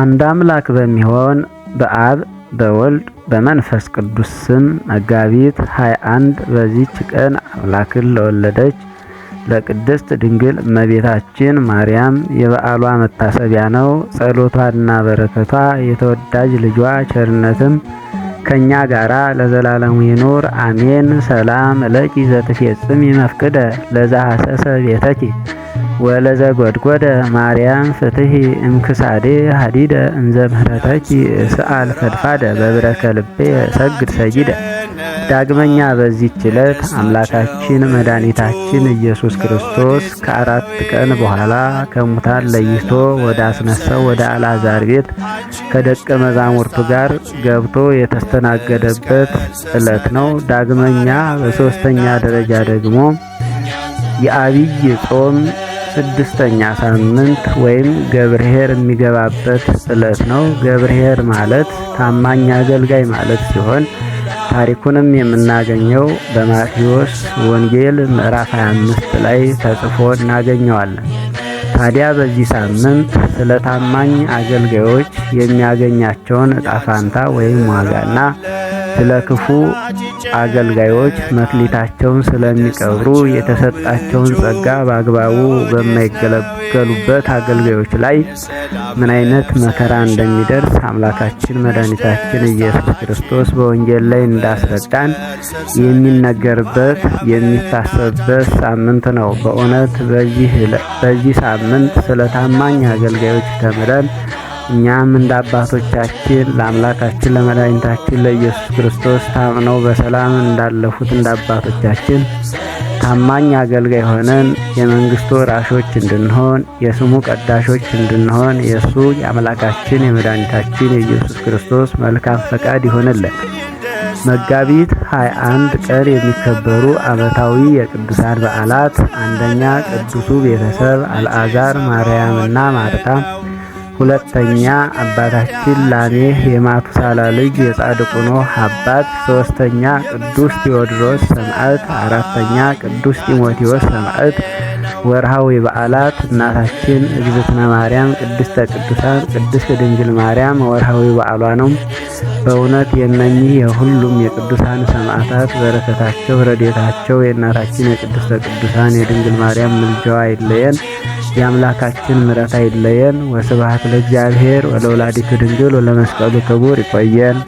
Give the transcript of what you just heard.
አንድ አምላክ በሚሆን በአብ በወልድ በመንፈስ ቅዱስ ስም መጋቢት 21 በዚች ቀን አምላክን ለወለደች ለቅድስት ድንግል እመቤታችን ማርያም የበዓሏ መታሰቢያ ነው። ጸሎቷና በረከቷ የተወዳጅ ልጇ ቸርነትም ከእኛ ጋራ ለዘላለሙ ይኑር አሜን። ሰላም ለኪ ዘትፌጽም ይመፍቅደ ለዛሐሰሰ ቤተኪ ወለዘ ጎድጎደ! ማርያም ፍትሂ እምክሳዴ ሀዲደ እንዘ ምህረተኪ ስአል ፈድፋደ በብረከ ልቤ ሰግድ ሰጊደ። ዳግመኛ በዚች ዕለት አምላካችን መድኃኒታችን ኢየሱስ ክርስቶስ ከአራት ቀን በኋላ ከሙታን ለይቶ ወደ አስነሳው ወደ አልዓዛር ቤት ከደቀ መዛሙርቱ ጋር ገብቶ የተስተናገደበት ዕለት ነው። ዳግመኛ በሦስተኛ ደረጃ ደግሞ የአብይ ጾም ስድስተኛ ሳምንት ወይም ገብርሄር የሚገባበት ዕለት ነው። ገብርሄር ማለት ታማኝ አገልጋይ ማለት ሲሆን ታሪኩንም የምናገኘው በማቴዎስ ወንጌል ምዕራፍ 25 ላይ ተጽፎ እናገኘዋለን። ታዲያ በዚህ ሳምንት ስለ ታማኝ አገልጋዮች የሚያገኛቸውን እጣ ፋንታ ወይም ዋጋና ስለ ክፉ አገልጋዮች መክሊታቸውን ስለሚቀብሩ የተሰጣቸውን ጸጋ በአግባቡ በማይገለገሉበት አገልጋዮች ላይ ምን አይነት መከራ እንደሚደርስ አምላካችን መድኃኒታችን ኢየሱስ ክርስቶስ በወንጌል ላይ እንዳስረዳን የሚነገርበት የሚታሰብበት ሳምንት ነው። በእውነት በዚህ ሳምንት ስለ ታማኝ አገልጋዮች ተምረን እኛም እንደ አባቶቻችን ለአምላካችን ለመድኃኒታችን ለኢየሱስ ክርስቶስ ታምነው በሰላም እንዳለፉት እንደ አባቶቻችን ታማኝ አገልጋይ ሆነን የመንግስቱ ወራሾች እንድንሆን የስሙ ቀዳሾች እንድንሆን የእሱ የአምላካችን የመድኃኒታችን የኢየሱስ ክርስቶስ መልካም ፈቃድ ይሆንልን። መጋቢት 21 ቀን የሚከበሩ ዓመታዊ የቅዱሳን በዓላት፣ አንደኛ ቅዱሱ ቤተሰብ አልዓዛር፣ ማርያምና ማርታ ሁለተኛ አባታችን ላሜህ የማቱሳላ ልጅ የጻድቁ ኖህ አባት፣ ሶስተኛ ቅዱስ ቴዎድሮስ ሰማዕት፣ አራተኛ ቅዱስ ጢሞቴዎስ ሰማዕት። ወርሃዊ በዓላት እናታችን እግዝእትነ ማርያም ቅድስተ ቅዱሳን ቅድስት ድንግል ማርያም ወርሃዊ በዓሏ ነው። በእውነት የእነኚህ የሁሉም የቅዱሳን ሰማዕታት በረከታቸው፣ ረዴታቸው የእናታችን የቅድስተ ቅዱሳን የድንግል ማርያም ምልጃዋ አይለየን። የአምላካችን ምሕረት አይለየን። ወስብሐት ለእግዚአብሔር ወለወላዲቱ ድንግል ወለመስቀሉ ክቡር። ይቆየን።